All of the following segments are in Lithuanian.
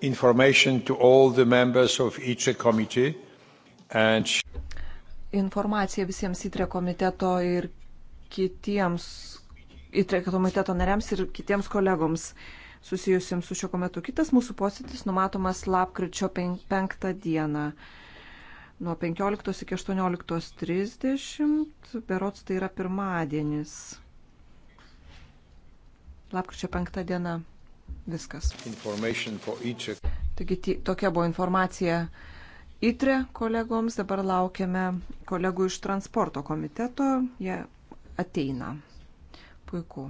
information to all the members of each committee and informacija visiems įtrė komiteto ir kitiems įtrė komiteto nariams ir kitiems kolegoms susijusiems su šiuo kometu. Kitas mūsų posėdis numatomas lapkričio 5 dieną nuo 15 iki 18.30, berots tai yra pirmadienis. Lapkričio 5 diena. Viskas. Taigi tokia buvo informacija ITRE kolegoms, dabar laukiame kolegų iš transporto komiteto, jie ateina. Puiku.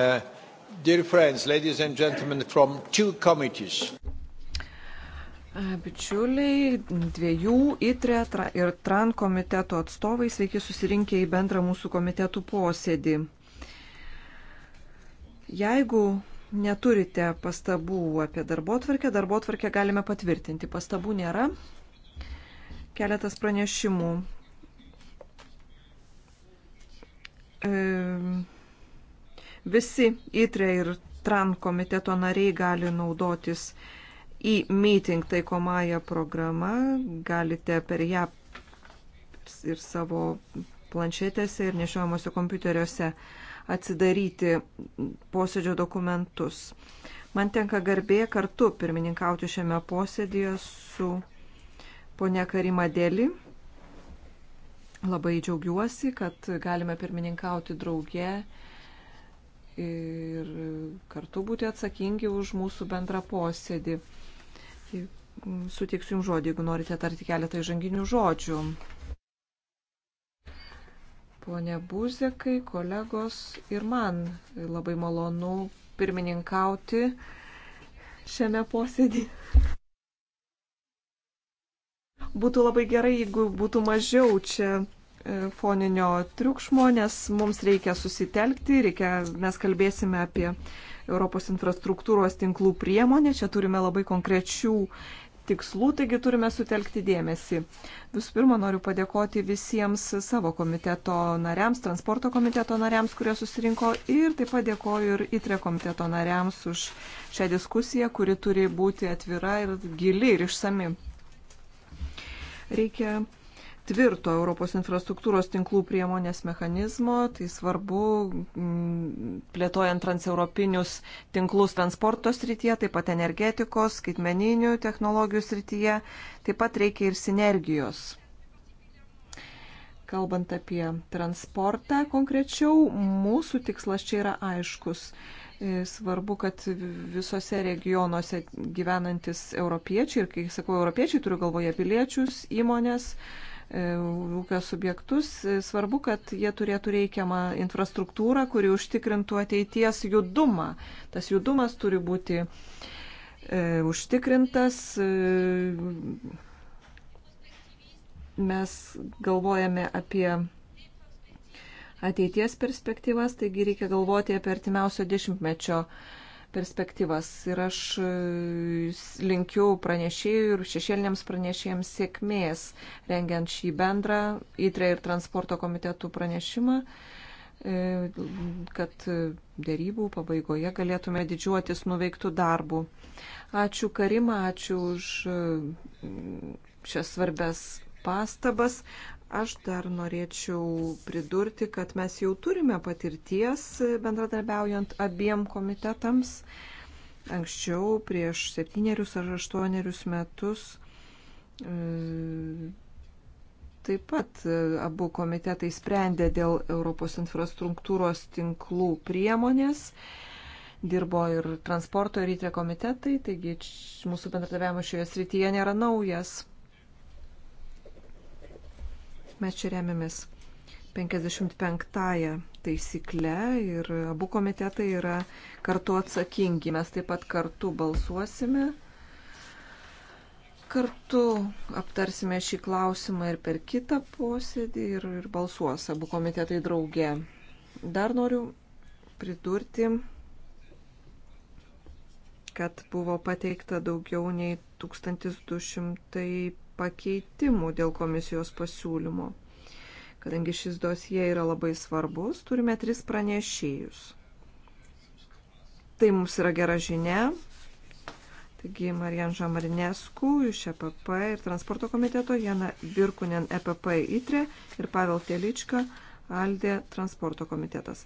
Uh, dear friends, ladies and gentlemen, from two committees. Uh, bičiuliai, dviejų ITRE ir TRAN komiteto atstovai sveiki susirinkę į bendrą mūsų komitetų posėdį. Jeigu neturite pastabų apie darbotvarkę, darbotvarkę galime patvirtinti. Pastabų nėra. Keletas pranešimų. E, Visi ITRE ir TRAN komiteto nariai gali naudotis į meeting taikomąją programą, galite per ją ir savo planšetėse ir nešiojamuose kompiuteriuose atsidaryti posėdžio dokumentus. Man tenka garbė kartu pirmininkauti šiame posėdėje su ponia Karima Dėli. Labai džiaugiuosi, kad galime pirmininkauti drauge ir kartu būti atsakingi už mūsų bendrą posėdį. Sutiksiu Jums žodį, jeigu norite tarti keletą įžanginių žodžių. Pone Buzekai, kolegos ir man labai malonu pirmininkauti šiame posėdį. Būtų labai gerai, jeigu būtų mažiau čia E, foninio triukšmo, nes mums reikia susitelkti, reikia, mes kalbėsime apie Europos infrastruktūros tinklų priemonę, čia turime labai konkrečių tikslų, taigi turime sutelkti dėmesį. Visų pirma, noriu padėkoti visiems savo komiteto nariams, transporto komiteto nariams, kurie susirinko ir taip pat dėkoju ir ITRE komiteto nariams už šią diskusiją, kuri turi būti atvira ir gili ir išsami. Reikia tvirto Europos infrastruktūros tinklų priemonės mechanizmo. Tai svarbu mm, plėtojant transeuropinius tinklus transporto srityje, taip pat energetikos, skaitmeninių technologijų srityje. Taip pat reikia ir sinergijos. Kalbant apie transportą konkrečiau, mūsų tikslas čia yra aiškus. E, svarbu, kad visose regionuose gyvenantis europiečiai, ir kai sakau europiečiai, turiu galvoje piliečius, įmonės, uh, E, ūkio subjektus. E, svarbu, kad jie turėtų reikiamą infrastruktūrą, kuri užtikrintų ateities judumą. Tas judumas turi būti e, užtikrintas. E, mes galvojame apie ateities perspektyvas, taigi reikia galvoti apie artimiausio dešimtmečio e, perspektyvas. Ir aš e, linkiu pranešėjų ir šešėliniams pranešėjams sėkmės rengiant šį bendrą įtrę ir transporto komitetų pranešimą, e, kad dėrybų pabaigoje galėtume didžiuotis nuveiktų darbų. Ačiū Karima, ačiū už e, šias svarbes pastabas. Aš dar norėčiau pridurti, kad mes jau turime patirties bendradarbiaujant abiem komitetams. Anksčiau, prieš septynerius ar aštuonerius metus, e, taip pat e, abu komitetai sprendė dėl Europos infrastruktūros tinklų priemonės. Dirbo ir transporto ir įtre komitetai, taigi mūsų bendradarbiavimas šioje srityje nėra naujas. Mes čia remiamės 55-ąją taisyklę ir abu komitetai yra kartu atsakingi. Mes taip pat kartu balsuosime. Kartu aptarsime šį klausimą ir per kitą posėdį ir, ir balsuos abu komitetai drauge. Dar noriu pridurti kad buvo pateikta daugiau nei 1200 pakeitimų dėl komisijos pasiūlymo. Kadangi šis dosie yra labai svarbus, turime tris pranešėjus. Tai mums yra gera žinia. Taigi Marijan Žamarinesku iš EPP ir transporto komiteto, Jana Virkunen EPP įtrė ir Pavel Telička Aldė transporto komitetas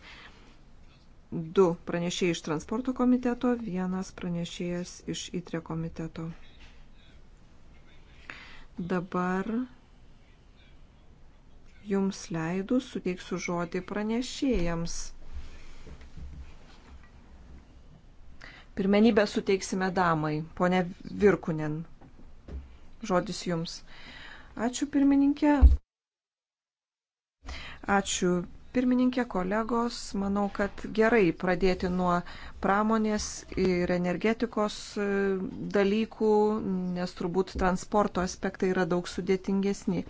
du pranešėjai iš transporto komiteto, vienas pranešėjas iš ITRE komiteto. Dabar jums leidus suteiksiu žodį pranešėjams. Pirmenybę suteiksime damai, ponė Virkunen. Žodis jums. Ačiū pirmininkė. Ačiū Pirmininkė, kolegos, manau, kad gerai pradėti nuo pramonės ir energetikos e, dalykų, nes turbūt transporto aspektai yra daug sudėtingesni.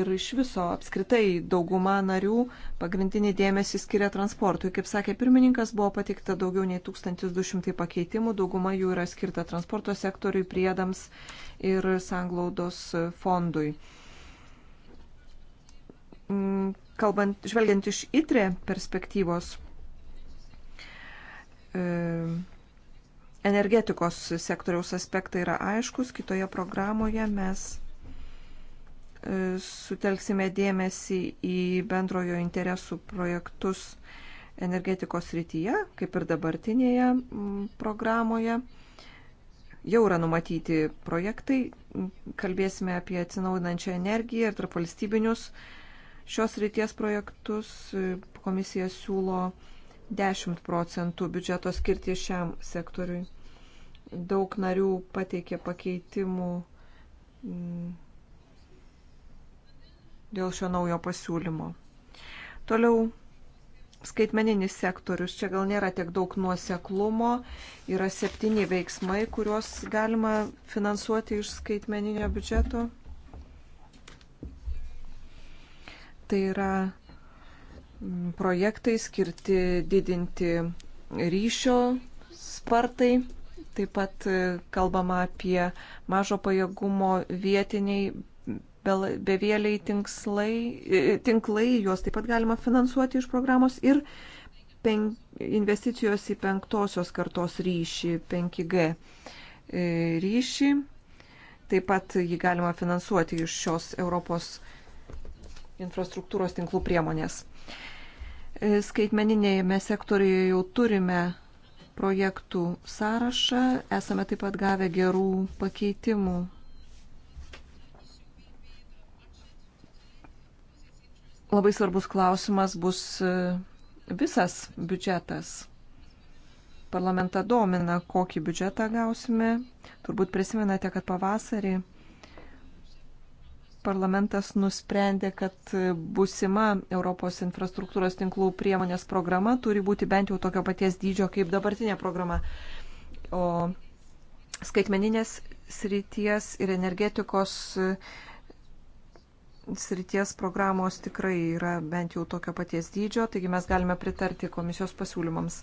Ir iš viso apskritai dauguma narių pagrindinį dėmesį skiria transportui. Kaip sakė pirmininkas, buvo patikta daugiau nei 1200 pakeitimų, dauguma jų yra skirta transporto sektoriui, priedams ir sanglaudos fondui mm, kalbant, žvelgiant iš ITRE perspektyvos, e, energetikos sektoriaus aspektai yra aiškus, kitoje programoje mes e, sutelksime dėmesį į bendrojo interesų projektus energetikos rytyje, kaip ir dabartinėje programoje. Jau yra numatyti projektai, kalbėsime apie atsinaudinančią energiją ir tarpvalstybinius valstybinius šios ryties projektus. E, komisija siūlo 10 procentų biudžeto skirti šiam sektoriui. Daug narių pateikė pakeitimų mm, dėl šio naujo pasiūlymo. Toliau skaitmeninis sektorius. Čia gal nėra tiek daug nuoseklumo. Yra septyni veiksmai, kuriuos galima finansuoti iš skaitmeninio biudžeto. Tai yra mm, projektai skirti didinti ryšio spartai. Taip pat e, kalbama apie mažo pajėgumo vietiniai bevėliai tinklai, e, e, tinklai, juos taip pat galima finansuoti iš programos ir pen, investicijos į penktosios kartos ryšį, 5G ryšį. Taip pat jį galima finansuoti iš šios Europos infrastruktūros tinklų priemonės. E, Skaitmeninėje sektorijoje jau turime projektų sąrašą, esame taip pat gavę gerų pakeitimų. Labai svarbus klausimas bus e, visas biudžetas. Parlamentą domina, kokį biudžetą gausime. Turbūt prisimenate, kad pavasarį parlamentas nusprendė, kad busima Europos infrastruktūros tinklų priemonės programa turi būti bent jau tokio paties dydžio kaip dabartinė programa. O skaitmeninės srities ir energetikos e, srities programos tikrai yra bent jau tokio paties dydžio, taigi mes galime pritarti komisijos pasiūlymams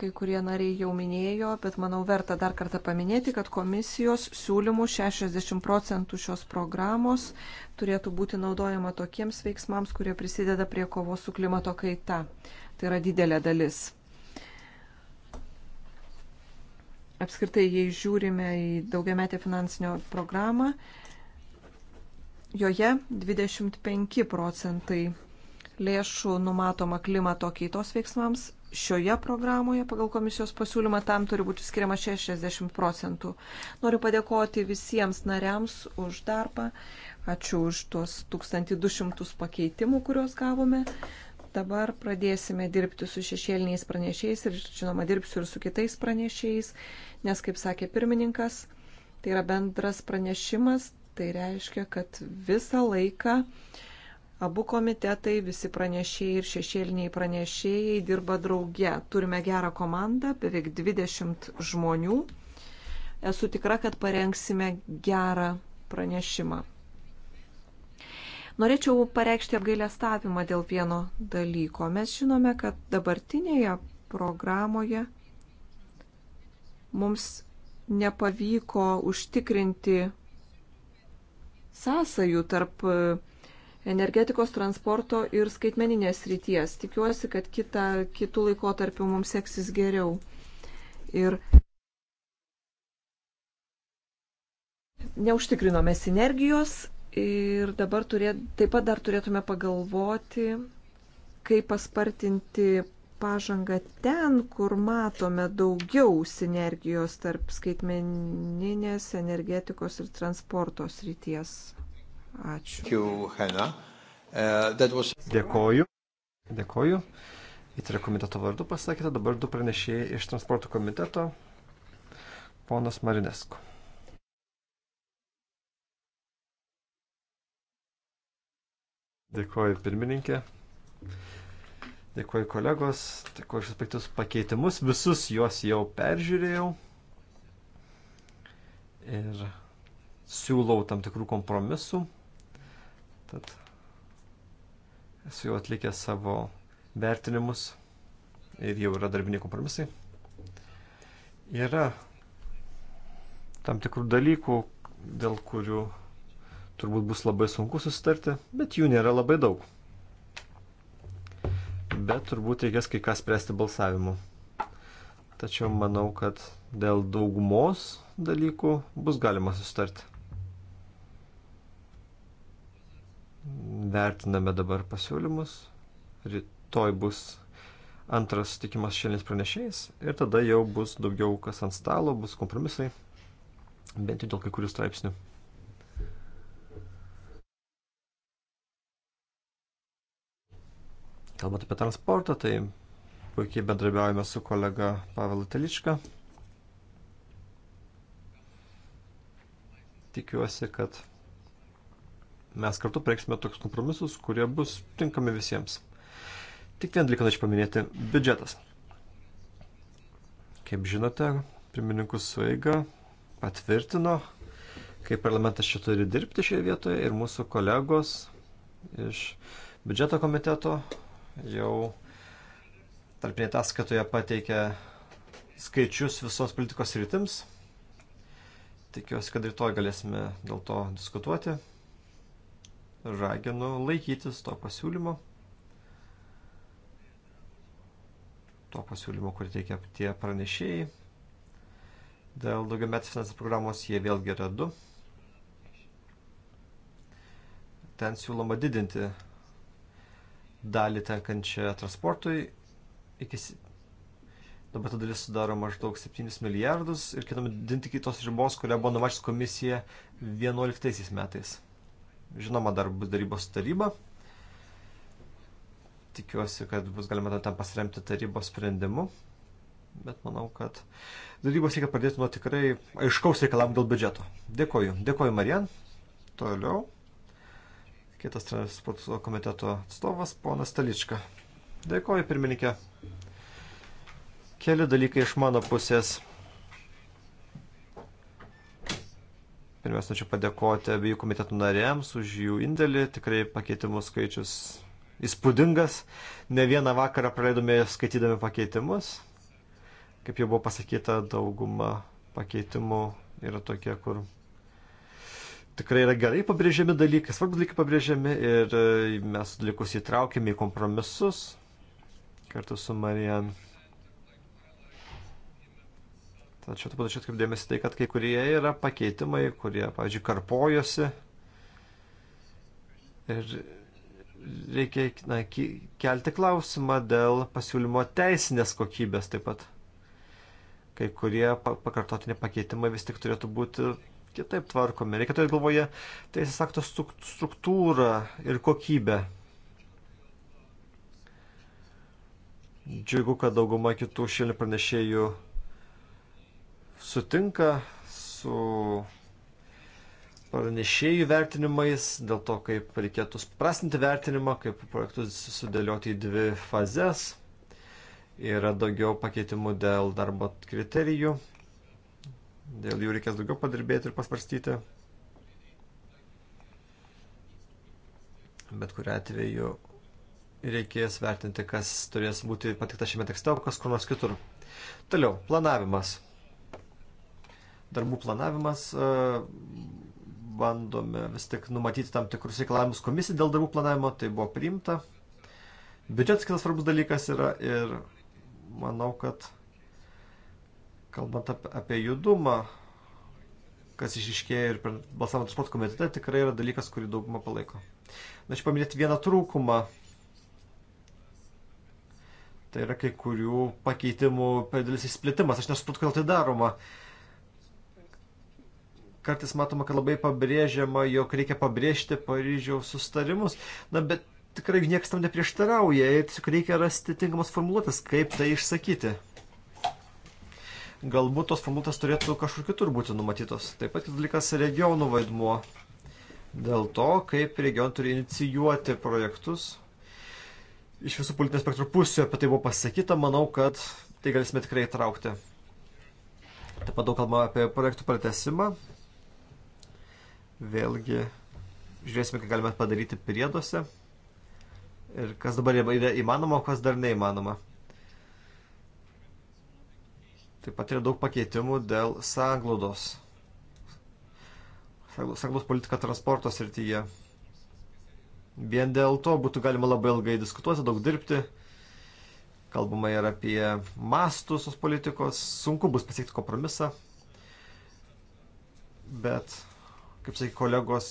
kai kurie nariai jau minėjo, bet manau verta dar kartą paminėti, kad komisijos siūlymų 60 procentų šios programos turėtų būti naudojama tokiems veiksmams, kurie prisideda prie kovos su klimato kaita. Tai yra didelė dalis. Apskritai, jei žiūrime į daugiametę finansinio programą, joje 25 procentai lėšų numatoma klimato kaitos veiksmams, šioje programoje pagal komisijos pasiūlymą tam turi būti skiriama 60 procentų. Noriu padėkoti visiems nariams už darbą. Ačiū už tuos 1200 pakeitimų, kuriuos gavome. Dabar pradėsime dirbti su šešėliniais pranešėjais ir, žinoma, dirbsiu ir su kitais pranešėjais, nes, kaip sakė pirmininkas, tai yra bendras pranešimas, tai reiškia, kad visą laiką uh, Abu komitetai, visi pranešėjai ir šešėliniai pranešėjai dirba drauge. Turime gerą komandą, beveik 20 žmonių. Esu tikra, kad parengsime gerą pranešimą. Norėčiau pareikšti apgailestavimą dėl vieno dalyko. Mes žinome, kad dabartinėje programoje mums nepavyko užtikrinti sąsajų tarp uh, energetikos, transporto ir skaitmeninės ryties. Tikiuosi, kad kita, kitų laikotarpių mums seksis geriau. Ir neužtikrinome sinergijos ir dabar turėt, taip pat dar turėtume pagalvoti, kaip paspartinti pažangą ten, kur matome daugiau sinergijos tarp skaitmeninės energetikos ir transporto srities. Ačiū. Uh, Dėkoju. Dėkoju. Įtrė komiteto vardu pasakėte, dabar du pranešėjai iš transporto komiteto, ponas Marinesku. Dėkoju pirmininkė. Dėkuoju kolegos, dėkuoju šis pakeitimus pakeitimus, visus juos jau peržiūrėjau ir siūlau tam tikrų kompromisų, Tad esu jau atlikęs savo vertinimus ir jau yra darbiniai kompromisai. Yra tam tikrų dalykų, dėl kurių turbūt bus labai sunku susitarti, bet jų nėra labai daug. Bet turbūt reikės kai ką spręsti balsavimu. Tačiau manau, kad dėl daugumos dalykų bus galima susitarti. Vertiname dabar pasiūlymus. Rytoj bus antras sutikimas šiandienis pranešėjais ir tada jau bus daugiau kas ant stalo, bus kompromisai, bent jau dėl kai kurių straipsnių. Kalbant apie transportą, tai puikiai bendrabiaujame su kolega Pavelu Teličką. Tikiuosi, kad mes kartu prieksime tokius kompromisus, kurie bus tinkami visiems. Tik vieną dalyką norėčiau paminėti - biudžetas. Kaip žinote, pirmininkų suiga patvirtino, kaip parlamentas čia turi dirbti šioje vietoje ir mūsų kolegos iš biudžeto komiteto jau tarpinė ataskaitoje pateikė skaičius visos politikos rytims. Tikiuosi, kad rytoj galėsime dėl to diskutuoti raginu laikytis to pasiūlymo, to pasiūlymo, kur teikia tie pranešėjai. Dėl daugiametės finansų programos jie vėlgi yra du. Ten siūloma didinti dalį tenkančią transportui iki dabar ta dalis sudaro maždaug 7 milijardus ir ketinama didinti kitos ribos, kurią buvo numačiusi komisija 2011 metais. Žinoma, dar bus darybos taryba. Tikiuosi, kad bus galima ten pasiremti tarybos sprendimu. Bet manau, kad darybos reikia pradėti nuo tikrai aiškaus reikalavimo dėl biudžeto. Dėkoju. Dėkoju, Marijan. Toliau. Kitas transporto komiteto atstovas, ponas Talička. Dėkoju, pirmininkė. Keli dalykai iš mano pusės. Pirmiausia, norėčiau padėkoti abiejų komitetų nariams už jų indėlį. Tikrai pakeitimų skaičius įspūdingas. Ne vieną vakarą praleidome skaitydami pakeitimus. Kaip jau buvo pasakyta, dauguma pakeitimų yra tokie, kur tikrai yra gerai pabrėžiami dalykai, svarbus dalykai pabrėžiami ir mes dalykus įtraukėme į kompromisus kartu su Marijan. Tačiau taip pat aš atkreipdėmėsi tai, kad kai kurie yra pakeitimai, kurie, pavyzdžiui, karpojosi. Ir reikia na, kelti klausimą dėl pasiūlymo teisinės kokybės taip pat. Kai kurie pakartotiniai pakeitimai vis tik turėtų būti kitaip tvarkomi. Reikia turėti galvoje teisės akto struktūrą ir kokybę. Džiugu, kad dauguma kitų šilinių pranešėjų sutinka su pranešėjų vertinimais, dėl to, kaip reikėtų suprastinti vertinimą, kaip projektus sudėlioti į dvi fazes. Yra daugiau pakeitimų dėl darbo kriterijų, dėl jų reikės daugiau padirbėti ir pasvarstyti. Bet kuriu atveju reikės vertinti, kas turės būti patikta šiame tekste, o kas kur nors kitur. Toliau, planavimas darbų planavimas e, bandome vis tik numatyti tam tikrus reikalavimus komisijai dėl darbų planavimo, tai buvo priimta. Biudžetas kitas svarbus dalykas yra ir manau, kad kalbant apie judumą, kas išiškėjo ir per balsavimą transporto komitete, tikrai yra dalykas, kurį dauguma palaiko. Norėčiau paminėti vieną trūkumą. Tai yra kai kurių pakeitimų per didelis įsplitimas. Aš nesuprantu, kodėl tai daroma. Uh, kartais matoma, kad labai pabrėžiama, jog reikia pabrėžti Paryžiaus sustarimus. Na, bet tikrai niekas tam neprieštarauja ir tiesiog reikia rasti tinkamas formuluotės, kaip tai išsakyti. Galbūt tos formuluotės turėtų kažkur kitur būti numatytos. Taip pat kitas dalykas - regionų vaidmuo. Dėl to, kaip regionai turi inicijuoti projektus. Iš visų politinės spektro pusių apie tai buvo pasakyta, manau, kad tai galėsime tikrai įtraukti. Taip pat daug kalbama apie projektų pratesimą, Vėlgi, žiūrėsime, ką galime padaryti prieduose. Ir kas dabar yra įmanoma, o kas dar neįmanoma. Taip pat yra daug pakeitimų dėl sąglaudos. Sąglaudos politika transporto srityje. Vien dėl to būtų galima labai ilgai diskutuoti, daug dirbti. Kalbama ir apie mastus tos politikos. Sunku bus pasiekti kompromisą. Bet kaip sakai, kolegos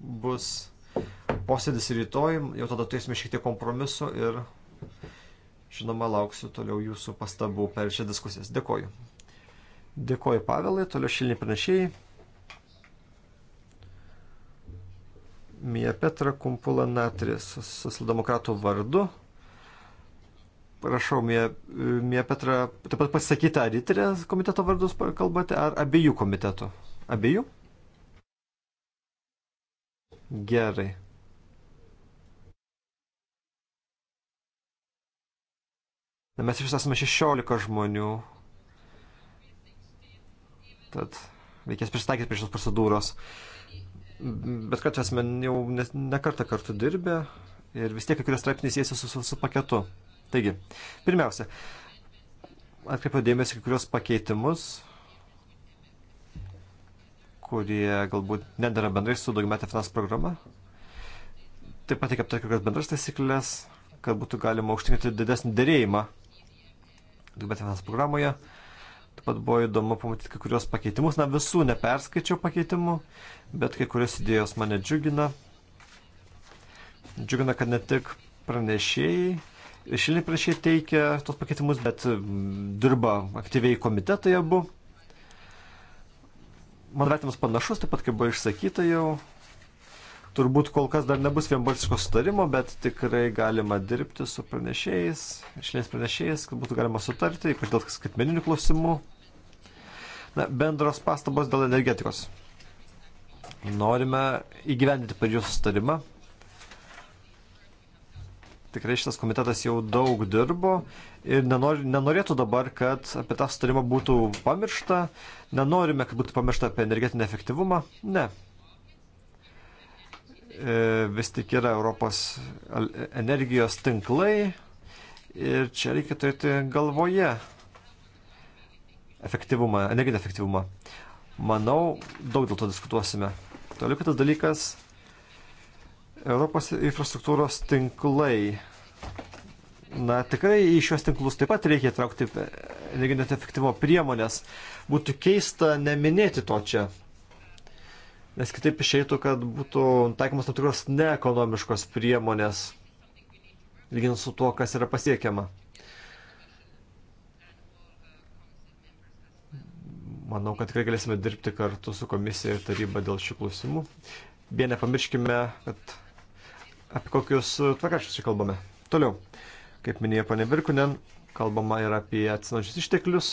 bus posėdis rytoj, jau tada turėsime šiek tiek kompromiso ir žinoma lauksiu toliau jūsų pastabų per šią diskusijas. Dėkoju. Dėkoju Pavelai, toliau šilni pranešėjai. Mija Petra Kumpula Natris, socialdemokratų vardu. Prašau, Mija, Mija Petra, taip pat pasakyti, ar įtarė komiteto vardus kalbate, ar abiejų komitetų? Abiejų? Gerai. Na, mes iš esame 16 žmonių. Tad reikės pristaikyti prie šios procedūros. Bet kad esame jau ne, ne kartą kartu dirbę ir vis tiek kai kurios straipsnys jėsi su, su, su paketu. Taigi, pirmiausia, atkreipiau dėmesį kai kurios pakeitimus, kurie galbūt nedara bendrai su daugiametė finansų programa. Taip pat reikia aptarti kokias bendras taisyklės, kad būtų galima užtikrinti didesnį dėrėjimą daugiametė finansų programoje. Taip pat buvo įdomu pamatyti kai kurios pakeitimus. Na, visų neperskaičiau pakeitimų, bet kai kurios idėjos mane džiugina. Džiugina, kad ne tik pranešėjai, šiliniai pranešėjai teikia tos pakeitimus, bet mm, dirba aktyviai komitetai abu man vertimas panašus, taip pat kaip buvo išsakyta jau. Turbūt kol kas dar nebus vienbalsiško sutarimo, bet tikrai galima dirbti su pranešėjais, išlės pranešėjais, kad būtų galima sutarti, ypač dėl skaitmeninių klausimų. Na, bendros pastabos dėl energetikos. Norime įgyvendinti Paryžiaus sutarimą, tikrai šitas komitetas jau daug dirbo ir nenor, nenorėtų dabar, kad apie tą sutarimą būtų pamiršta, nenorime, kad būtų pamiršta apie energetinį efektyvumą, ne. E, vis tik yra Europos energijos tinklai ir čia reikia turėti galvoje efektyvumą, energetinį efektyvumą. Manau, daug dėl to diskutuosime. Toliau kitas dalykas Europos infrastruktūros tinklai. Na, tikrai į šios tinklus taip pat reikia traukti energetinio efektyvo priemonės. Būtų keista neminėti to čia. Nes kitaip išeitų, kad būtų taikomas tam tikros neekonomiškos priemonės, lyginant su tuo, kas yra pasiekiama. Manau, kad tikrai galėsime dirbti kartu su komisija ir taryba dėl šių klausimų. Bien nepamirškime, kad apie kokius e, tvarkaršius čia kalbame. Toliau, kaip minėjo ponė Virkunen, kalbama ir apie atsinaujančius išteklius.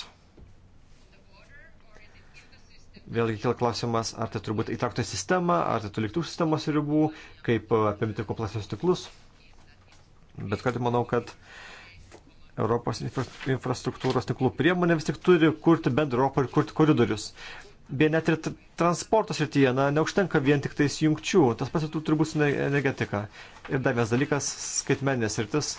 Vėlgi kila klausimas, ar tai turbūt įtraukta į sistemą, ar tai tuliktų sistemos ribų, kaip apimti kompleksinius tiklus. Bet kad manau, kad Europos infrastruktūros tinklų priemonė vis tik turi kurti bendrą Europą ir kurti koridorius. Beje, net ir transporto srityje, na, neužtenka vien tik tais jungčių, tas pats ir turi būti energetika. Ir dar vienas dalykas - skaitmeninės sritis.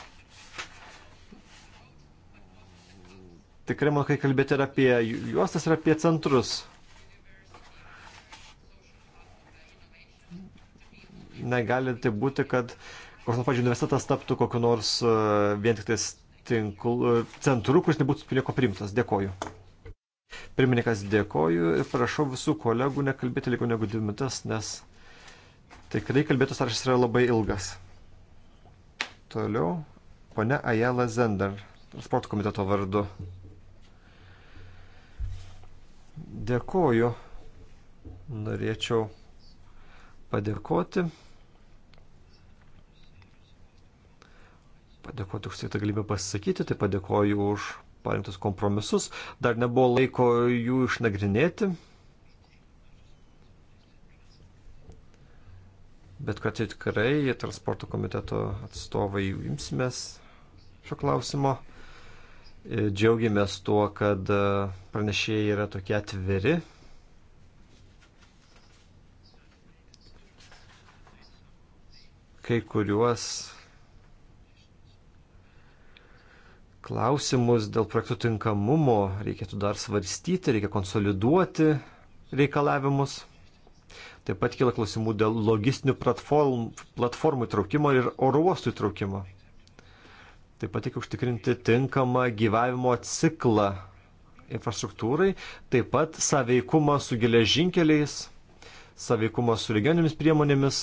Tikrai man kai kalbėti ir apie juostas, ir apie centrus. Negali tai būti, kad koks nors, pažiūrėjau, universitetas taptų kokiu nors e, vien tik tais tinklu, centru, kuris nebūtų prie ko primtas. Dėkoju. Pirmininkas dėkoju ir prašau visų kolegų nekalbėti ilgiau negu dvi minutės, nes tikrai kalbėtų sąrašas yra labai ilgas. Toliau, ponia Ajela Zender, transporto komiteto vardu. Dėkoju. Norėčiau padėkoti. Padėkoti už tai tą galimybę pasisakyti, tai padėkoju už parinktus kompromisus, dar nebuvo laiko jų išnagrinėti. Bet kad tikrai transporto komiteto atstovai imsimės šio klausimo. Džiaugiamės tuo, kad e, pranešėjai yra tokie atviri. Kai kuriuos klausimus dėl projektų tinkamumo reikėtų dar svarstyti, reikia konsoliduoti reikalavimus. Taip pat kyla klausimų dėl logistinių platform, platformų įtraukimo ir oro uostų įtraukimo. Taip pat reikia užtikrinti tinkamą gyvavimo ciklą infrastruktūrai, taip pat saveikumą su geležinkeliais, saveikumą su regioninėmis priemonėmis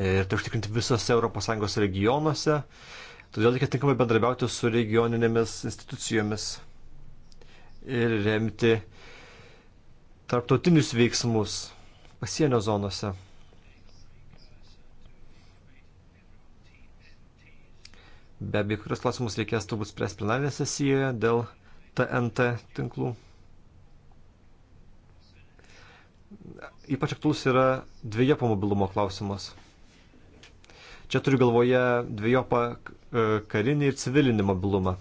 ir tai užtikrinti visose ES regionuose Todėl reikia tinkamai bendrabiauti su regioninėmis institucijomis ir remti tarptautinius veiksmus pasienio zonose. Be abejo, kurios klausimus reikės turbūt spręsti plenarinėje sesijoje dėl TNT tinklų. Ypač aktuolus yra dviejopo mobilumo klausimas. Čia turiu galvoje dviejopą E, karinį ir civilinį mobilumą.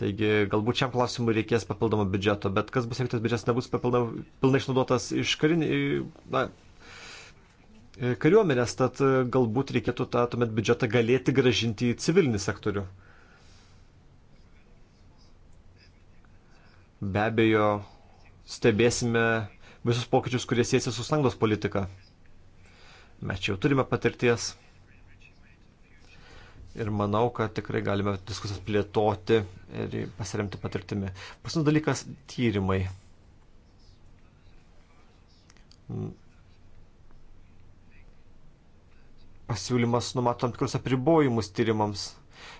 Taigi galbūt šiam klausimui reikės papildomo biudžeto, bet kas bus, jeigu tas biudžetas nebus papildom, pilnai išnaudotas iš karinį, na, e, kariuomenės, tad e, galbūt reikėtų tą tuomet biudžetą galėti gražinti į civilinį sektorių. Be abejo, stebėsime visus pokyčius, kurie siejasi su sanglos politika. Mes čia jau turime patirties. Ir manau, kad tikrai galime diskusijas plėtoti ir pasiremti patirtimi. Pasinus dalykas - tyrimai. Pasiūlymas numato tam tikrus apribojimus tyrimams.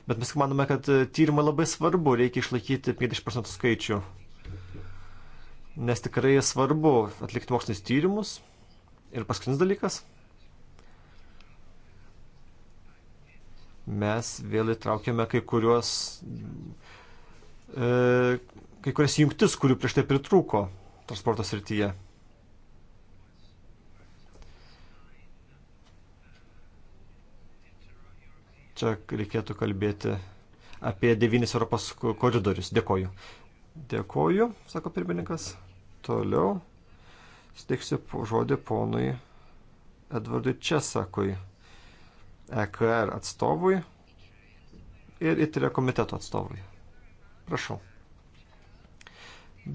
Bet mes manome, kad tyrimą labai svarbu, reikia išlaikyti 50 procentų skaičių. Nes tikrai svarbu atlikti mokslinis tyrimus. Ir paskutinis dalykas mes vėl įtraukėme kai kuriuos e, kai kurias jungtis, kurių prieš tai pritrūko transporto srityje. Čia reikėtų kalbėti apie devynis Europos koridorius. Dėkoju. Dėkoju, sako pirmininkas. Toliau steiksiu žodį ponui Edvardui Česakui. EKR atstovui ir įtrė komiteto atstovui. Prašau.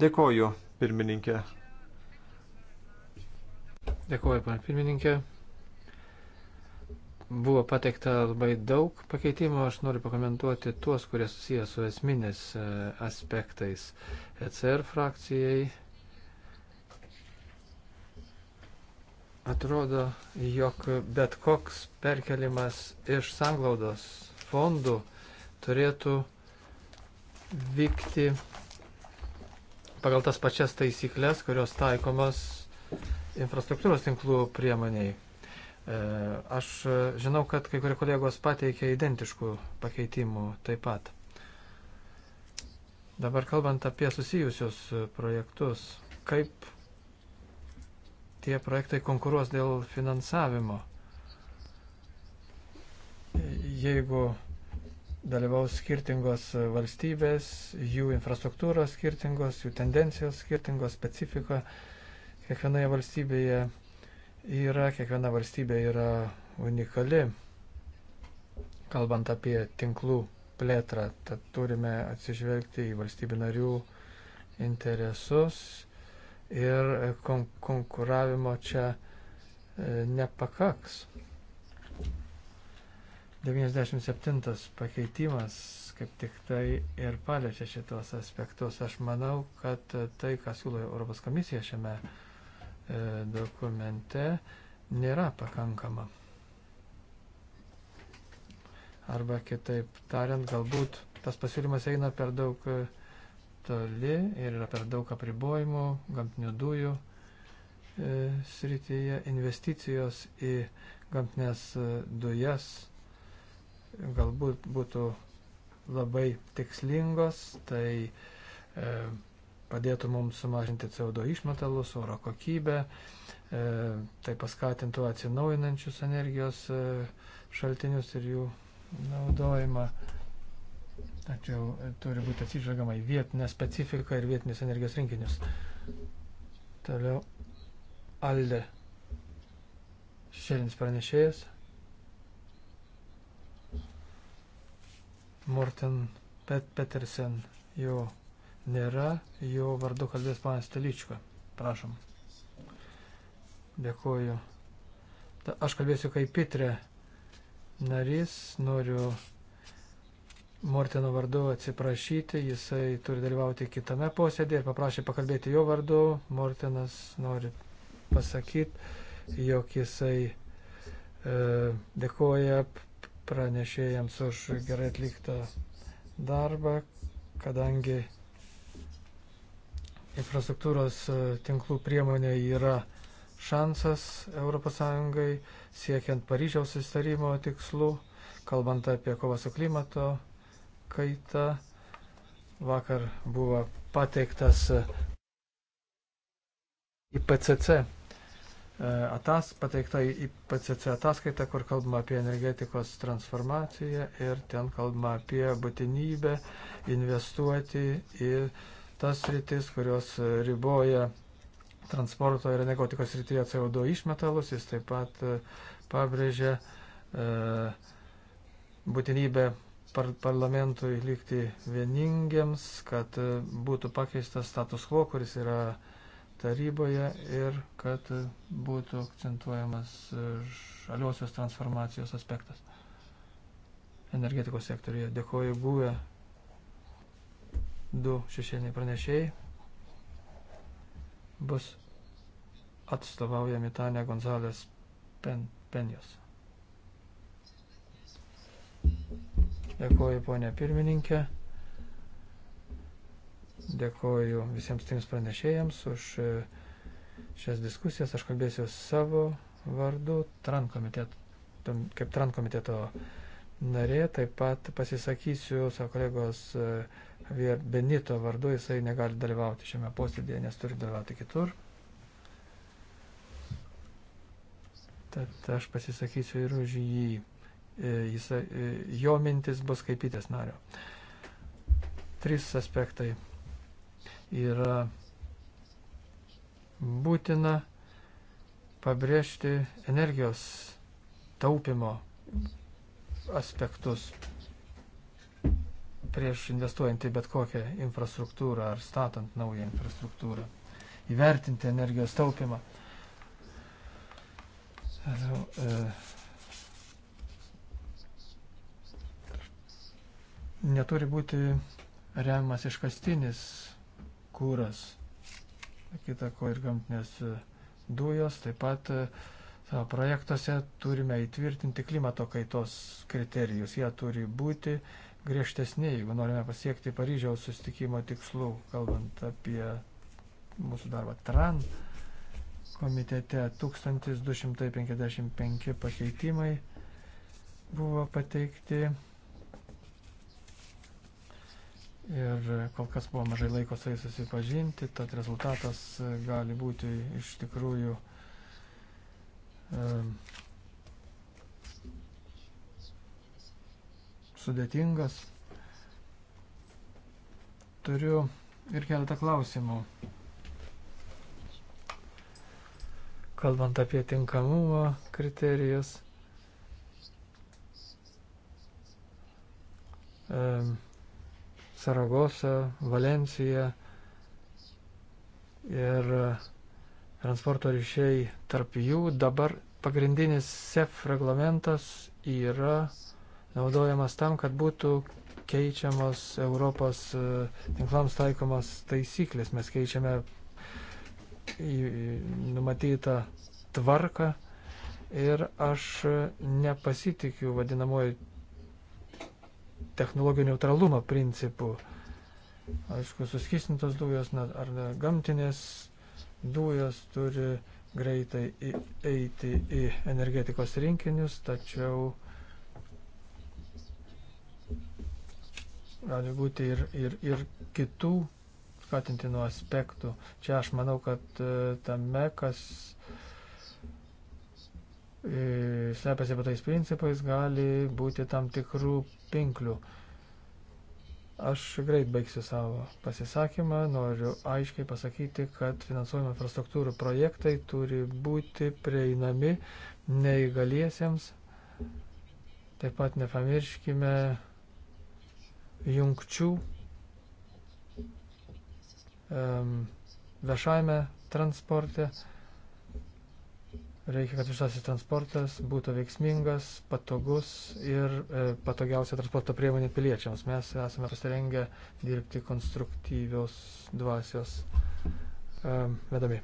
Dėkoju, pirmininkė. Dėkoju, pana pirmininkė. Buvo pateikta labai daug pakeitimų, aš noriu pakomentuoti tuos, kurie susijęs su esminės e, aspektais ECR frakcijai Atrodo, jog bet koks perkelimas iš sanglaudos fondų turėtų vykti pagal tas pačias taisyklės, kurios taikomos infrastruktūros tinklų priemoniai. E, aš žinau, kad kai kurie kolegos pateikė identiškų pakeitimų taip pat. Dabar kalbant apie susijusius projektus, kaip tie projektai konkuruos dėl finansavimo. Jeigu dalyvaus skirtingos valstybės, jų infrastruktūros skirtingos, jų tendencijos skirtingos, specifika kiekvienoje valstybėje yra, kiekviena valstybė yra unikali, kalbant apie tinklų plėtrą, tad turime atsižvelgti į valstybių narių interesus ir e, kon konkuravimo čia e, nepakaks. 97 pakeitimas kaip tik tai ir paliečia šitos aspektus. Aš manau, kad tai, ką siūlo Europos komisija šiame e, dokumente, nėra pakankama. Arba kitaip tariant, galbūt tas pasiūlymas eina per daug toli ir yra per daug apribojimų gamtinių dujų e, srityje. Investicijos į gamtinės e, dujas galbūt būtų labai tikslingos, tai e, padėtų mums sumažinti CO2 išmetalus, oro kokybę, e, tai paskatintų atsinaujinančius energijos e, šaltinius ir jų naudojimą. E, Tačiau e, turi būti atsižvelgiama į vietinę specifiką ir vietinius energijos rinkinius. Toliau Alde. Šiandien pranešėjas. Morten Pet Petersen jau nėra, jo vardu kalbės panas Teličko. Prašom. Dėkuoju. Ta, aš kalbėsiu kaip Pitre narys, noriu Mortino vardu atsiprašyti, jisai turi dalyvauti kitame posėdėje ir paprašė pakalbėti jo vardu. Mortinas nori pasakyti, jog jisai e, dėkoja pranešėjams už gerai atliktą darbą, kadangi infrastruktūros e, tinklų priemonė yra šansas ES siekiant Paryžiaus sustarimo tikslų, kalbant apie kovą su klimato kaita. Vakar buvo pateiktas e, IPCC e, atas, pateikta IPCC ataskaita, kur kalbama apie energetikos transformaciją ir ten kalbama apie būtinybę investuoti į tas rytis, kurios e, riboja transporto ir energetikos rytyje CO2 išmetalus. Jis taip pat pabrėžia būtinybę par parlamentui likti vieningiams, kad e, būtų pakeistas status quo, kuris yra taryboje ir kad e, būtų akcentuojamas e, žaliosios transformacijos aspektas energetikos sektoriuje. Dėkoju buvę du šešėliniai pranešėjai. Bus atstovaujami Tane Gonzalės Pen, Penjos. Dėkuoju, ponė pirmininkė. Dėkuoju visiems trims pranešėjams už e, šias diskusijas. Aš kalbėsiu savo vardu, tran komitet, kaip tran komiteto narė. Taip pat pasisakysiu savo kolegos e, Benito vardu. Jisai negali dalyvauti šiame posėdėje, nes turi dalyvauti kitur. Tad aš pasisakysiu ir už jį. E, jis, e, jo mintis bus kaip įtės nario. Trys aspektai yra būtina pabrėžti energijos taupimo aspektus prieš investuojant į bet kokią infrastruktūrą ar statant naują infrastruktūrą. Įvertinti energijos taupimą. Esu, e, neturi būti remiamas iškastinis kūras, kita ko ir gamtinės dujos. Taip pat e, savo projektuose turime įtvirtinti klimato kaitos kriterijus. Jie turi būti griežtesni, jeigu norime pasiekti Paryžiaus sustikimo tikslų, kalbant apie mūsų darbą TRAN. Komitete 1255 pakeitimai buvo pateikti ir kol kas buvo mažai laiko su jais susipažinti, tad rezultatas e, gali būti iš tikrųjų um, sudėtingas. Turiu ir keletą klausimų. Kalbant apie tinkamumo kriterijus, um, Saragosa, Valencija ir transporto ryšiai tarp jų. Dabar pagrindinis SEF reglamentas yra naudojamas tam, kad būtų keičiamos Europos e, tinklams taikomas taisyklės. Mes keičiame numatytą tvarką ir aš nepasitikiu vadinamoji technologijų neutralumo principų. Aišku, suskistintos dujos ar gamtinės dujos turi greitai eiti į energetikos rinkinius, tačiau gali būti ir, ir, ir kitų skatintinų aspektų. Čia aš manau, kad e, tame, kas slepiasi po tais principais, gali būti tam tikrų pinklių. Aš greit baigsiu savo pasisakymą, noriu aiškiai pasakyti, kad finansuojimo infrastruktūrų projektai turi būti prieinami neįgaliesiems. Taip pat nepamirškime jungčių um, viešajame transporte. Um, Reikia, kad viešasis transportas būtų veiksmingas, patogus ir e, patogiausia transporto priemonė piliečiams. Mes esame pasirengę dirbti konstruktyvios dvasios e, vedami.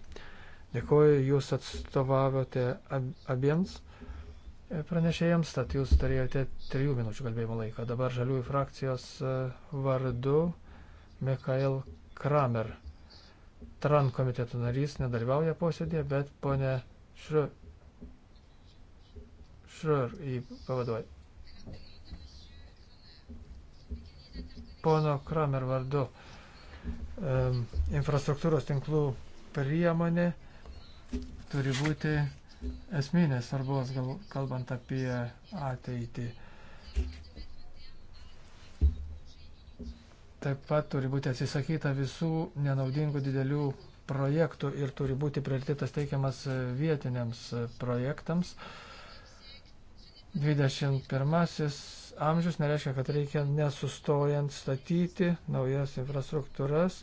Dėkuoju, jūs atstovavote ab, abiems e, pranešėjams, tad jūs turėjote trijų minučių kalbėjimo laiką. Dabar žaliųjų frakcijos e, vardu Mikael Kramer. Tran komiteto narys nedalyvauja posėdėje, bet ponė Šr. Šr jį pavaduoja. Pono Kramer vardu. Um, infrastruktūros tinklų priemonė turi būti esminės svarbos, gal, kalbant apie ateitį. Taip pat turi būti atsisakyta visų nenaudingų didelių projektų ir turi būti prioritetas teikiamas vietiniams projektams. 21 amžius nereiškia, kad reikia nesustojant statyti naujas infrastruktūras.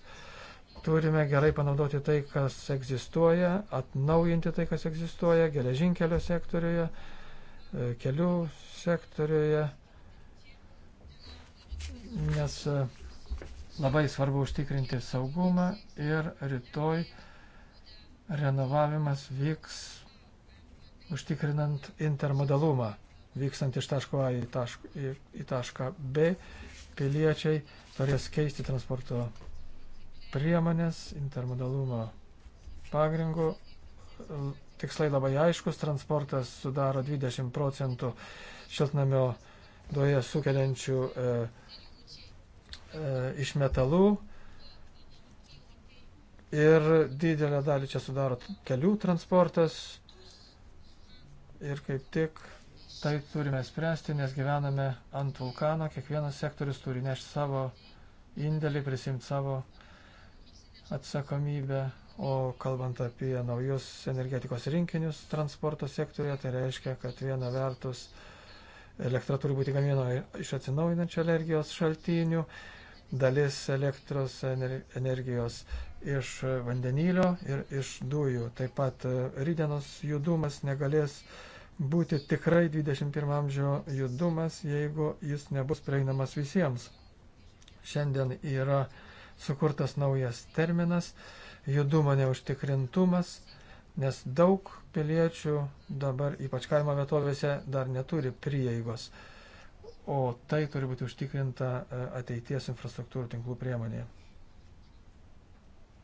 Turime gerai panaudoti tai, kas egzistuoja, atnaujinti tai, kas egzistuoja geležinkelio sektoriuje, kelių sektoriuje, nes Labai svarbu užtikrinti saugumą ir rytoj renovavimas vyks užtikrinant intermodalumą, vykstant iš taško A į tašką, į, į tašką B. Piliečiai turės keisti transporto priemonės intermodalumo pagrindu. Tikslai labai aiškus, transportas sudaro 20 procentų šiltnamio duoje sukeliančių e, E, iš metalų ir didelę dalį čia sudaro kelių transportas ir kaip tik tai turime spręsti, nes gyvename ant vulkano, kiekvienas sektorius turi nešti savo indėlį, prisimti savo atsakomybę, o kalbant apie naujus energetikos rinkinius transporto sektorija, tai reiškia, kad viena vertus elektra turi būti gaminama iš atsinaujinančių energijos šaltinių, dalis elektros energijos iš vandenilio ir iš dujų. Taip pat e, rydienos judumas negalės būti tikrai 21 amžio judumas, jeigu jis nebus prieinamas visiems. Šiandien yra sukurtas naujas terminas - judumo neužtikrintumas, nes daug piliečių dabar, ypač kaimo vietovėse, dar neturi prieigos o tai turi būti užtikrinta e, ateities infrastruktūrų tinklų priemonėje.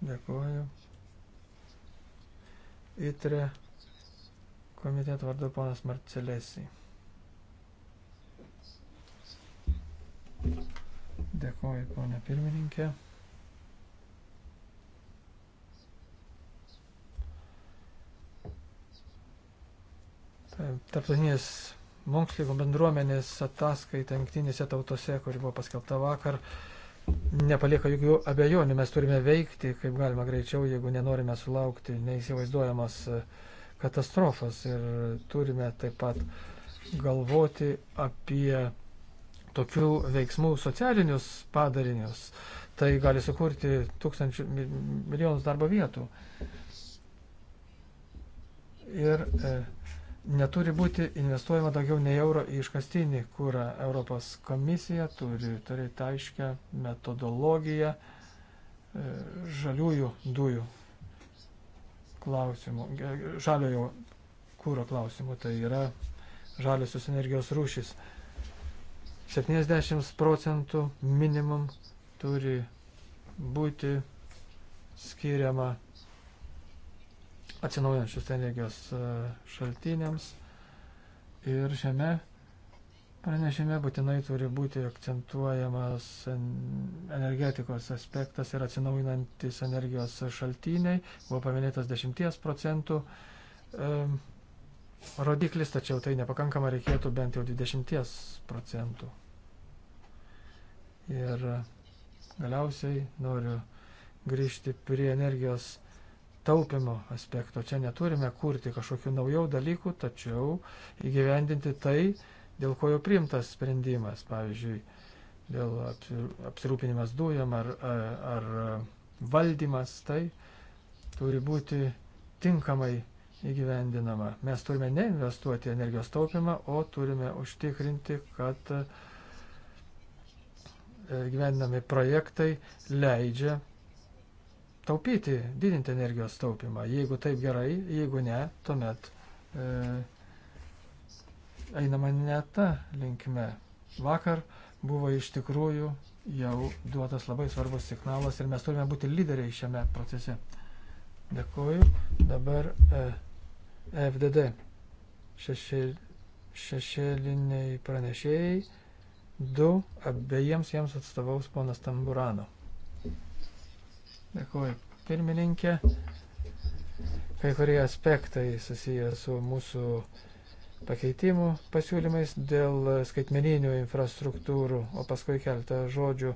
Dėkuoju. Įtrė komiteto vardu ponas Marcelėsi. Dėkuoju, ponė pirmininkė. Tarptautinės mokslininkų bendruomenės ataskaita jungtinėse tautose, kuri buvo paskelbta vakar, nepalieka jokių abejonių. Mes turime veikti kaip galima greičiau, jeigu nenorime sulaukti neįsivaizduojamos e, katastrofos. Ir turime taip pat galvoti apie tokių veiksmų socialinius padarinius. Tai gali sukurti tūkstančių milijonus darbo vietų. Ir e, neturi būti investuojama daugiau nei euro į iškastinį kūrą. Europos komisija turi turėti aiškę metodologiją e, žaliųjų dujų klausimų, žaliojo kūro klausimų, tai yra žaliosios energijos rūšis. 70 procentų minimum turi būti skiriama atsinaujančius energijos e, šaltiniams. Ir šiame pranešime būtinai turi būti akcentuojamas energetikos aspektas ir atsinaujinantis energijos šaltiniai. Buvo paminėtas 10 procentų e, rodiklis, tačiau tai nepakankama reikėtų bent jau 20 procentų. Ir galiausiai noriu grįžti prie energijos taupimo aspekto. Čia neturime kurti kažkokių naujų dalykų, tačiau įgyvendinti tai, dėl ko jau priimtas sprendimas, pavyzdžiui, dėl apsirūpinimas dujam ar, ar valdymas, tai turi būti tinkamai įgyvendinama. Mes turime neinvestuoti energijos taupimą, o turime užtikrinti, kad e, gyvendami projektai leidžia taupyti, didinti energijos taupimą. Jeigu taip gerai, jeigu ne, tuomet e, einama ne tą linkme. Vakar buvo iš tikrųjų jau duotas labai svarbus signalas ir mes turime būti lyderiai šiame procese. Dėkuoju. Dabar e, FDD šešėl, šešėliniai pranešėjai. Du abiejiems jiems atstovaus ponas Tamburano. Dėkuoju, pirmininkė. Kai kurie aspektai susiję su mūsų pakeitimų pasiūlymais dėl skaitmeninių infrastruktūrų, o paskui keltą žodžių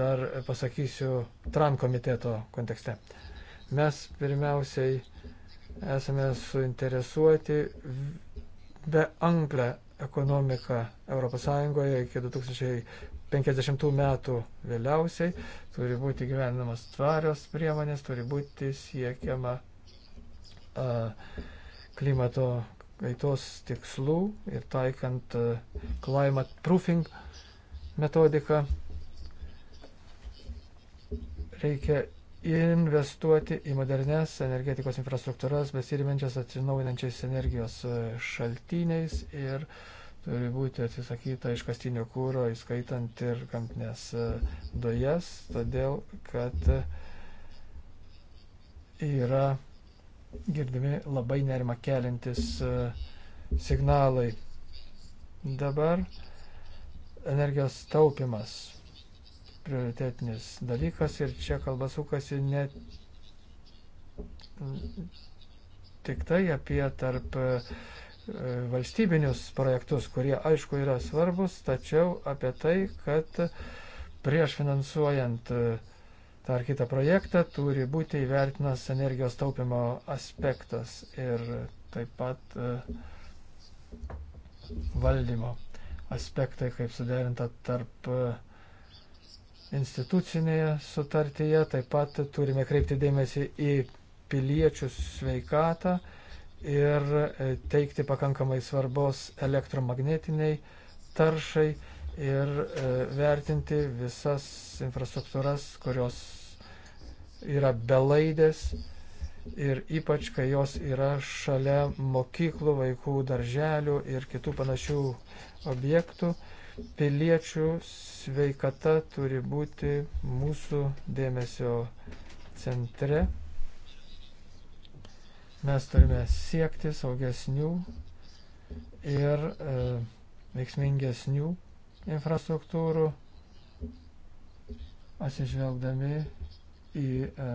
dar pasakysiu TRAN komiteto kontekste. Mes pirmiausiai esame suinteresuoti be anglę ekonomiką ES iki 50 metų vėliausiai, turi būti gyvenamas tvarios priemonės, turi būti siekiama a, klimato kaitos tikslų ir taikant a, climate proofing metodiką. Reikia investuoti į modernes energetikos infrastruktūras, besirimenčias atsinaujinančiais energijos šaltiniais ir uh, Turi būti atsisakyta iškastinio kūro, įskaitant ir gamtinės e, dujas, todėl kad e, yra girdimi labai nerima keliantis e, signalai. Dabar energijos taupimas prioritetinis dalykas ir čia kalba sukasi ne tik tai apie tarp E, valstybinius projektus, kurie aišku yra svarbus, tačiau apie tai, kad prieš finansuojant e, tą ar kitą projektą turi būti įvertinas energijos taupimo aspektas ir taip pat e, valdymo aspektai, kaip suderinta tarp institucinėje sutartyje. Taip pat turime kreipti dėmesį į piliečių sveikatą ir e, teikti pakankamai svarbos elektromagnetiniai taršai ir e, vertinti visas infrastruktūras, kurios yra belaidės ir ypač, kai jos yra šalia mokyklų, vaikų darželių ir kitų panašių objektų. Piliečių sveikata turi būti mūsų dėmesio centre. Mes turime siekti saugesnių ir e, veiksmingesnių infrastruktūrų, atsižvelgdami į e,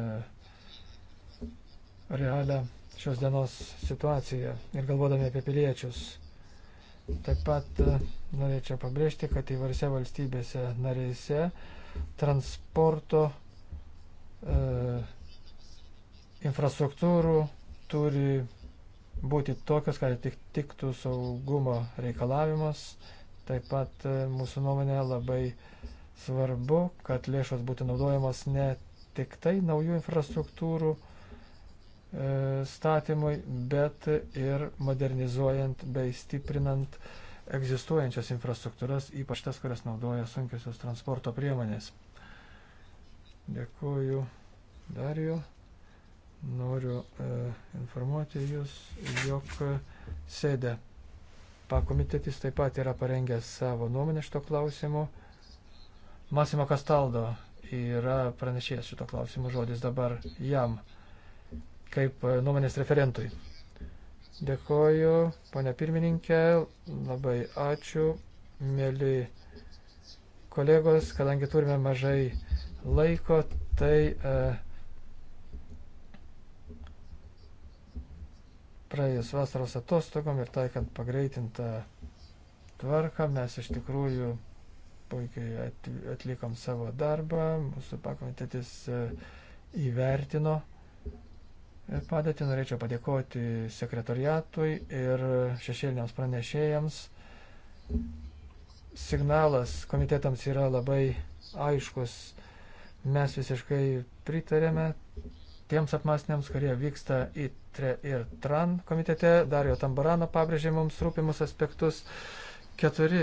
realią šios dienos situaciją ir galvodami apie piliečius. Taip pat e, norėčiau pabrėžti, kad įvarse valstybėse narėse transporto e, infrastruktūrų turi būti tokios, kad atitiktų saugumo reikalavimus. Taip pat e, mūsų nuomonė labai svarbu, kad lėšos būtų naudojamos ne tik tai naujų infrastruktūrų e, statymui, bet ir modernizuojant bei stiprinant egzistuojančias infrastruktūras, ypač tas, kurias naudoja sunkiosios transporto priemonės. Dėkuoju, Dariu. Noriu e, informuoti Jūs, jog sėdė pakomitetis taip pat yra parengęs savo nuomonę šito klausimu. Masimo Kastaldo yra pranešėjęs šito klausimu žodis dabar jam, kaip nuomonės referentui. Dėkoju, ponia pirmininkė, labai ačiū, mėly kolegos, kadangi turime mažai laiko, tai uh, e, praėjus vasaros atostogom ir taikant pagreitintą tvarką mes iš tikrųjų puikiai atlikom savo darbą, mūsų pakomitetis e, įvertino e, padėtį. Norėčiau padėkoti sekretoriatui ir šešėliniams pranešėjams. Signalas komitetams yra labai aiškus. Mes visiškai pritarėme tiems apmastiniams, kurie vyksta į TRE ir TRAN komitete. Dario Tambarano pabrėžė mums rūpimus aspektus. Keturi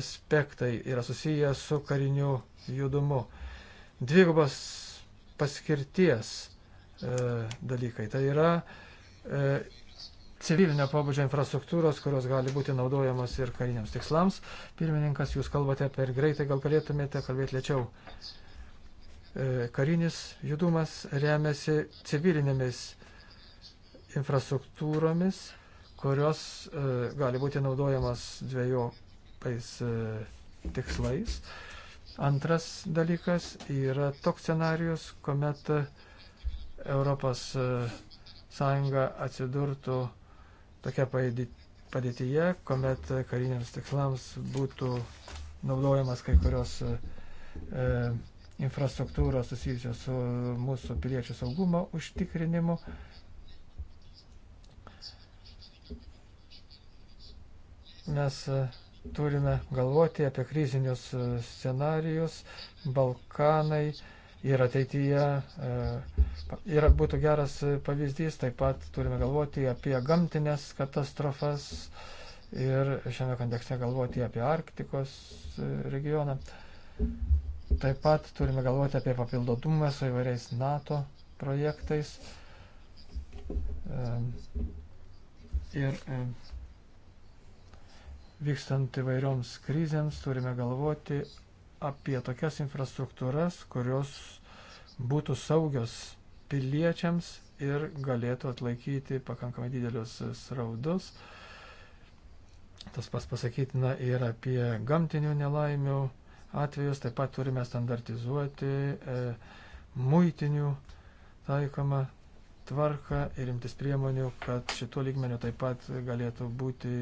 aspektai yra susiję su kariniu judumu. Dvigubas paskirties e, dalykai. Tai yra e, civilinio pobūdžio infrastruktūros, kurios gali būti naudojamos ir kariniams tikslams. Pirmininkas, jūs kalbate per greitai, gal galėtumėte kalbėti lėčiau. E, karinis judumas remiasi civilinėmis infrastruktūromis, kurios e, gali būti naudojamas dviejopais e, tikslais. Antras dalykas yra toks scenarius, kuomet Europos Sąjunga atsidurtų tokia padėtyje, kuomet kariniams tikslams būtų naudojamas kai kurios e, infrastruktūros susijusios su mūsų piliečių saugumo užtikrinimu. Mes e, turime galvoti apie krizinius e, scenarius, Balkanai ir ateityje ir e, būtų geras pavyzdys, taip pat turime galvoti apie gamtinės katastrofas ir šiame kontekste galvoti apie Arktikos regioną. Taip pat turime galvoti apie papildotumą su įvairiais NATO projektais. Ir vykstant įvairioms krizėms turime galvoti apie tokias infrastruktūras, kurios būtų saugios piliečiams ir galėtų atlaikyti pakankamai didelius sraudus. Tas pas pasakytina ir apie gamtinių nelaimių atvejus, taip pat turime standartizuoti e, muitinių taikomą tvarką ir imtis priemonių, kad šituo lygmeniu taip pat galėtų būti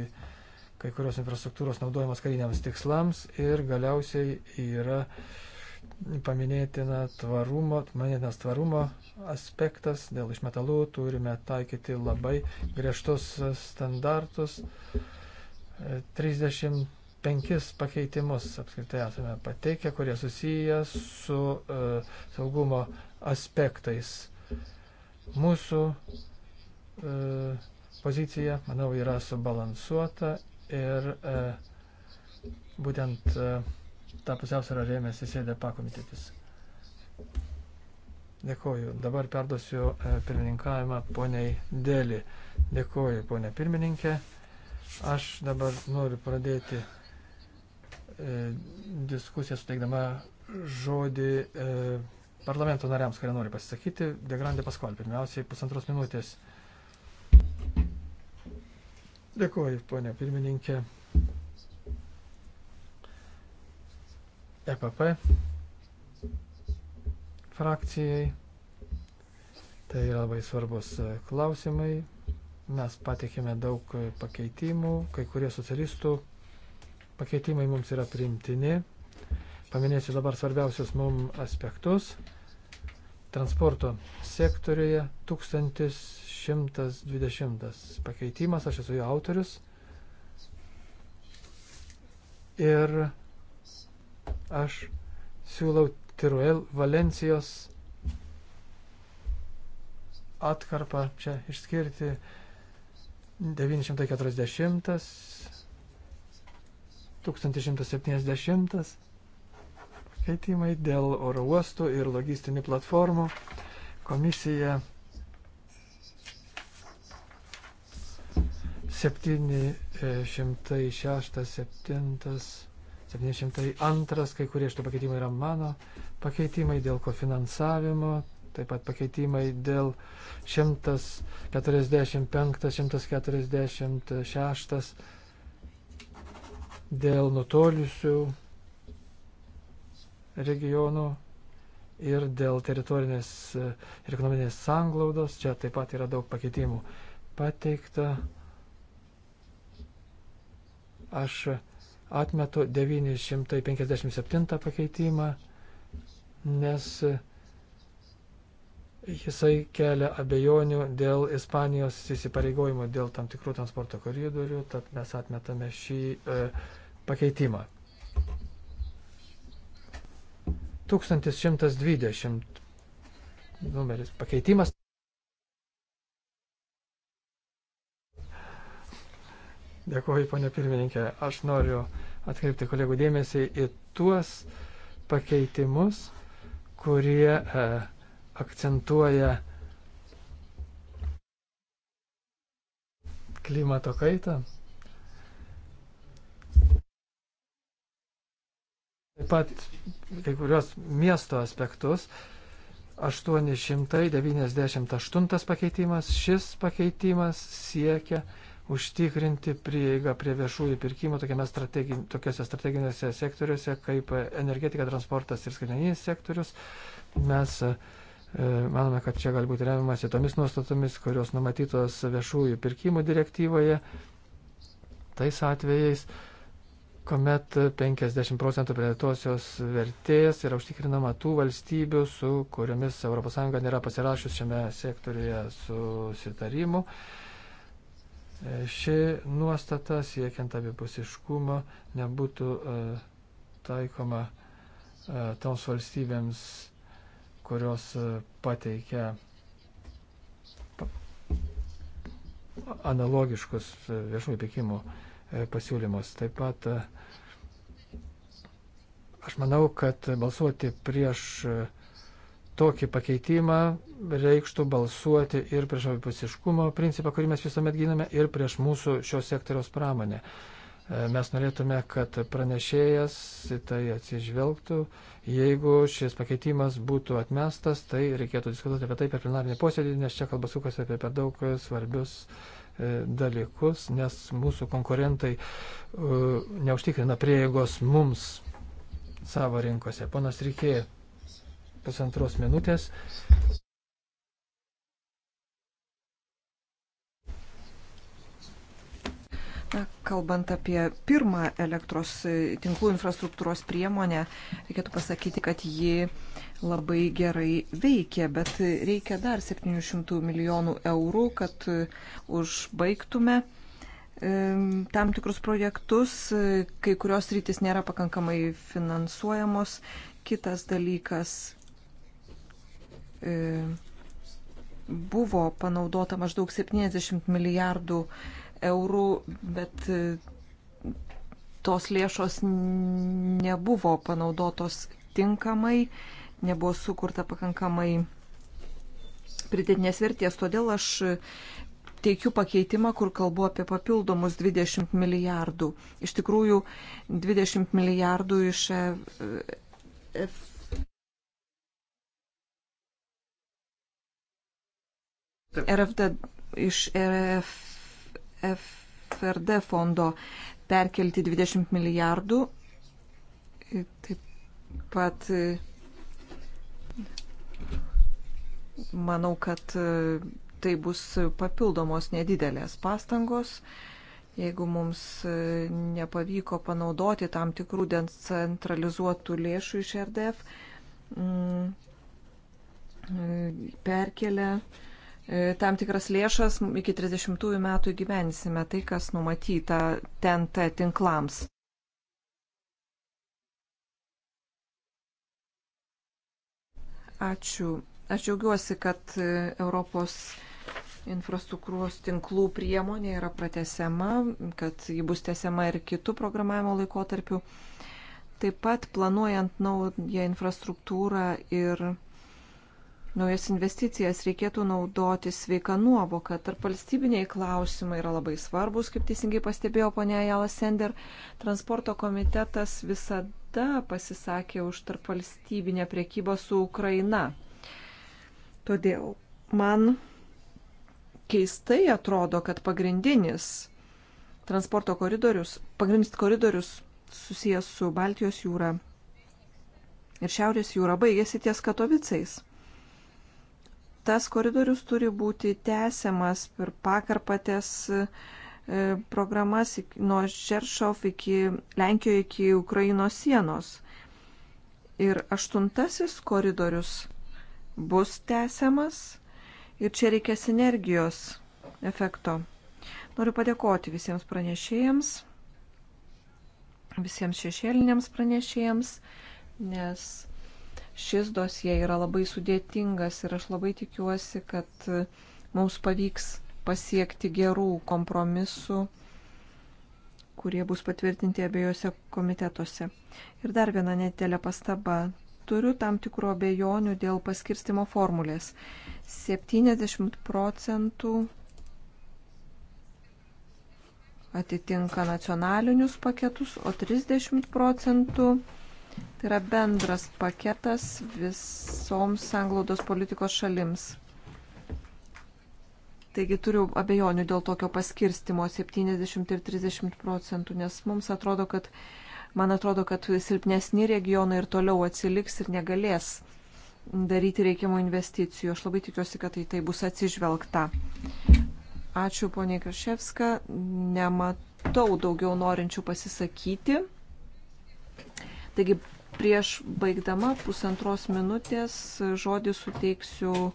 kai kurios infrastruktūros naudojimas kariniams tikslams ir galiausiai yra paminėtina tvarumo, paminėtinas tvarumo aspektas dėl išmetalų turime taikyti labai griežtus standartus. 30 e, penkis pakeitimus apskritai esame pateikę, kurie susiję su e, saugumo aspektais. Mūsų e, pozicija, manau, yra subalansuota ir e, būtent e, tą pusiausvyrą rėmėsi sėdė pakomitetis. Dėkoju. Dabar perduosiu e, pirmininkavimą poniai Dėlį. Dėkoju, ponė pirmininkė. Aš dabar noriu pradėti E, diskusiją suteikdama žodį e, parlamento nariams, kurie nori pasisakyti. Degrandė Paskval, pirmiausiai pusantros minutės. Dėkuoju, ponė pirmininkė. EPP frakcijai. Tai yra labai svarbus e, klausimai. Mes patikėme daug e, pakeitimų, kai kurie socialistų pakeitimai mums yra primtini. Paminėsiu dabar svarbiausius mums aspektus. Transporto sektoriuje 1120 pakeitimas, aš esu jo autorius. Ir aš siūlau Tiruel Valencijos atkarpą čia išskirti 940 1170 pakeitimai dėl oro uostų ir logistinių platformų. Komisija 706, 7, 702, kai kurie šitų pakeitimai yra mano pakeitimai dėl kofinansavimo, taip pat pakeitimai dėl 145, 146 dėl nutolusių regionų ir dėl teritorinės ir ekonominės sanglaudos. Čia taip pat yra daug pakeitimų pateikta. Aš atmetu 957 pakeitimą, nes jisai kelia abejonių dėl Ispanijos įsipareigojimų dėl tam tikrų transporto koridorių, tad mes atmetame šį e, pakeitimą. 1120 numeris pakeitimas. Dėkuoju, ponė pirmininkė. Aš noriu atkreipti kolegų dėmesį į tuos pakeitimus, kurie e, akcentuoja klimato kaitą. Taip pat kai kurios miesto aspektus. 898 pakeitimas. Šis pakeitimas siekia užtikrinti prieigą prie viešųjų pirkimų strategi, tokiuose strateginėse sektoriuose kaip energetika, transportas ir skaitmeninis sektorius. Mes uh, E, manome, kad čia gali būti remiamasi tomis nuostatomis, kurios numatytos viešųjų pirkimų direktyvoje. Tais atvejais, kuomet 50 procentų pridėtosios vertės yra užtikrinama tų valstybių, su kuriomis ES nėra pasirašius šiame sektoriuje susitarimu. E, ši nuostata siekiant abipusiškumo nebūtų e, taikoma toms valstybėms kurios e, pateikia analogiškus e, viešųjų pirkimų e, pasiūlymus. Taip pat aš manau, kad balsuoti prieš tokį pakeitimą reikštų balsuoti ir prieš abipusiškumo principą, kurį mes visuomet gyname, ir prieš mūsų šios sektoriaus pramonę. E, mes norėtume, kad pranešėjas į tai atsižvelgtų. Jeigu šis pakeitimas būtų atmestas, tai reikėtų diskutuoti apie tai per plenarinį posėdį, nes čia kalba sukasi apie per daug svarbius e, dalykus, nes mūsų konkurentai e, neužtikrina prieigos mums savo rinkose. Ponas Rikė, pusantros minutės. Na, kalbant apie pirmą elektros tinklų infrastruktūros priemonę, reikėtų pasakyti, kad ji labai gerai veikia, bet reikia dar 700 milijonų eurų, kad užbaigtume tam tikrus projektus, kai kurios rytis nėra pakankamai finansuojamos. Kitas dalykas buvo panaudota maždaug 70 milijardų eurų eurų, bet e, tos lėšos nebuvo panaudotos tinkamai, nebuvo sukurta pakankamai pridėtinės vertės. Todėl aš e, teikiu pakeitimą, kur kalbu apie papildomus 20 milijardų. Iš tikrųjų, 20 milijardų iš e, F. RFD iš RF FRD fondo perkelti 20 milijardų. Taip pat manau, kad tai bus papildomos nedidelės pastangos. Jeigu mums nepavyko panaudoti tam tikrų decentralizuotų lėšų iš RDF, mm, perkelia E, tam tikras lėšas iki 30 metų gyvensime tai, kas numatyta TNT tinklams. Ačiū. Aš džiaugiuosi, kad e, Europos infrastruktūros tinklų priemonė yra pratesiama, kad ji bus tesiama ir kitų programavimo laikotarpių. Taip pat planuojant naują infrastruktūrą ir naujas investicijas reikėtų naudoti sveiką nuovoką. Tarp valstybiniai klausimai yra labai svarbus, kaip teisingai pastebėjo ponia Jala Sender. Transporto komitetas visada pasisakė už tarp valstybinę priekybą su Ukraina. Todėl man keistai atrodo, kad pagrindinis transporto koridorius, pagrindinis koridorius susijęs su Baltijos jūra ir Šiaurės jūra baigėsi ties Katovicais tas koridorius turi būti tęsiamas per pakarpatės e, programas nuo Šeršov iki Lenkijoje iki Ukrainos sienos. Ir aštuntasis koridorius bus tęsiamas ir čia reikia sinergijos efekto. Noriu padėkoti visiems pranešėjams, visiems šešėliniams pranešėjams, nes Šis dosie yra labai sudėtingas ir aš labai tikiuosi, kad mums pavyks pasiekti gerų kompromisų, kurie bus patvirtinti abiejose komitetuose. Ir dar viena netelė pastaba. Turiu tam tikro abejonių dėl paskirstimo formulės. 70 procentų atitinka nacionalinius paketus, o 30 procentų Tai yra bendras paketas visoms sanglaudos politikos šalims. Taigi turiu abejonių dėl tokio paskirstimo 70 ir 30 procentų, nes mums atrodo, kad, man atrodo, kad silpnesni regionai ir toliau atsiliks ir negalės daryti reikiamų investicijų. Aš labai tikiuosi, kad tai, tai bus atsižvelgta. Ačiū, ponė Kraševska. Nematau daugiau norinčių pasisakyti. Taigi Prieš baigdama pusantros minutės žodį suteiksiu e,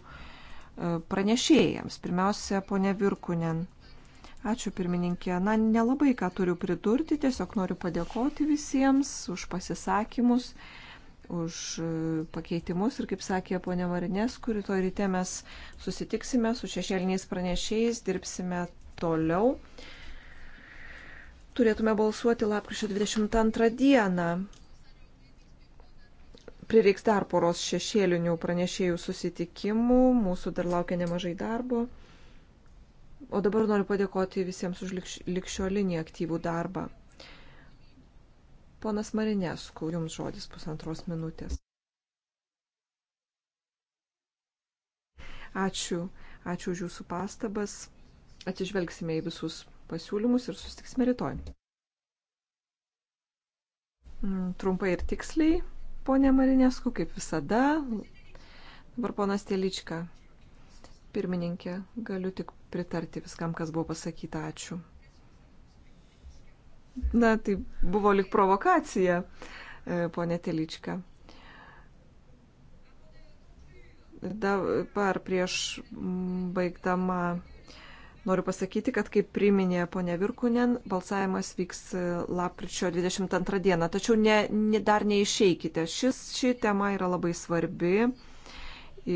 pranešėjams. Pirmiausia, ponia Virkunen. Ačiū pirmininkė. Na, nelabai ką turiu pridurti, tiesiog noriu padėkoti visiems už pasisakymus, už e, pakeitimus ir, kaip sakė ponė Marinės, kuri to ryte mes susitiksime su šešėliniais pranešėjais, dirbsime toliau. Turėtume balsuoti lapkričio 22 dieną prireiks dar poros šešėlinių pranešėjų susitikimų, mūsų dar laukia nemažai darbo. O dabar noriu padėkoti visiems už likščiolinį aktyvų darbą. Ponas Marinesku, jums žodis pusantros minutės. Ačiū, ačiū už jūsų pastabas. Atsižvelgsime į visus pasiūlymus ir sustiksime rytoj. Mm, trumpai ir tiksliai. Pone Marinesku, kaip visada. Dabar ponas Telička. Pirmininkė, galiu tik pritarti viskam, kas buvo pasakyta. Ačiū. Na, tai buvo lik provokacija, e, ponė Telička. Dabar prieš baigdama Noriu pasakyti, kad kaip priminė ponia Virkunen, balsavimas vyks e, lapkričio 22 dieną, tačiau ne, ne, dar neišeikite. Šis, ši tema yra labai svarbi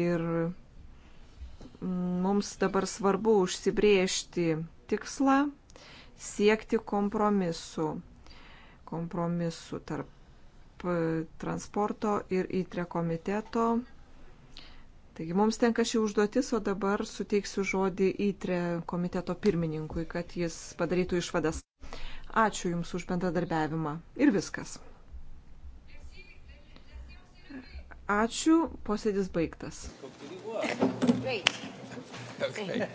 ir mm, mums dabar svarbu užsibriežti tikslą, siekti kompromisu. Kompromisu tarp e, transporto ir įtre komiteto Taigi mums tenka ši užduotis, o dabar suteiksiu žodį įtre komiteto pirmininkui, kad jis padarytų išvadas. Ačiū Jums už bendradarbiavimą. Ir viskas. Ačiū, posėdis baigtas. Okay.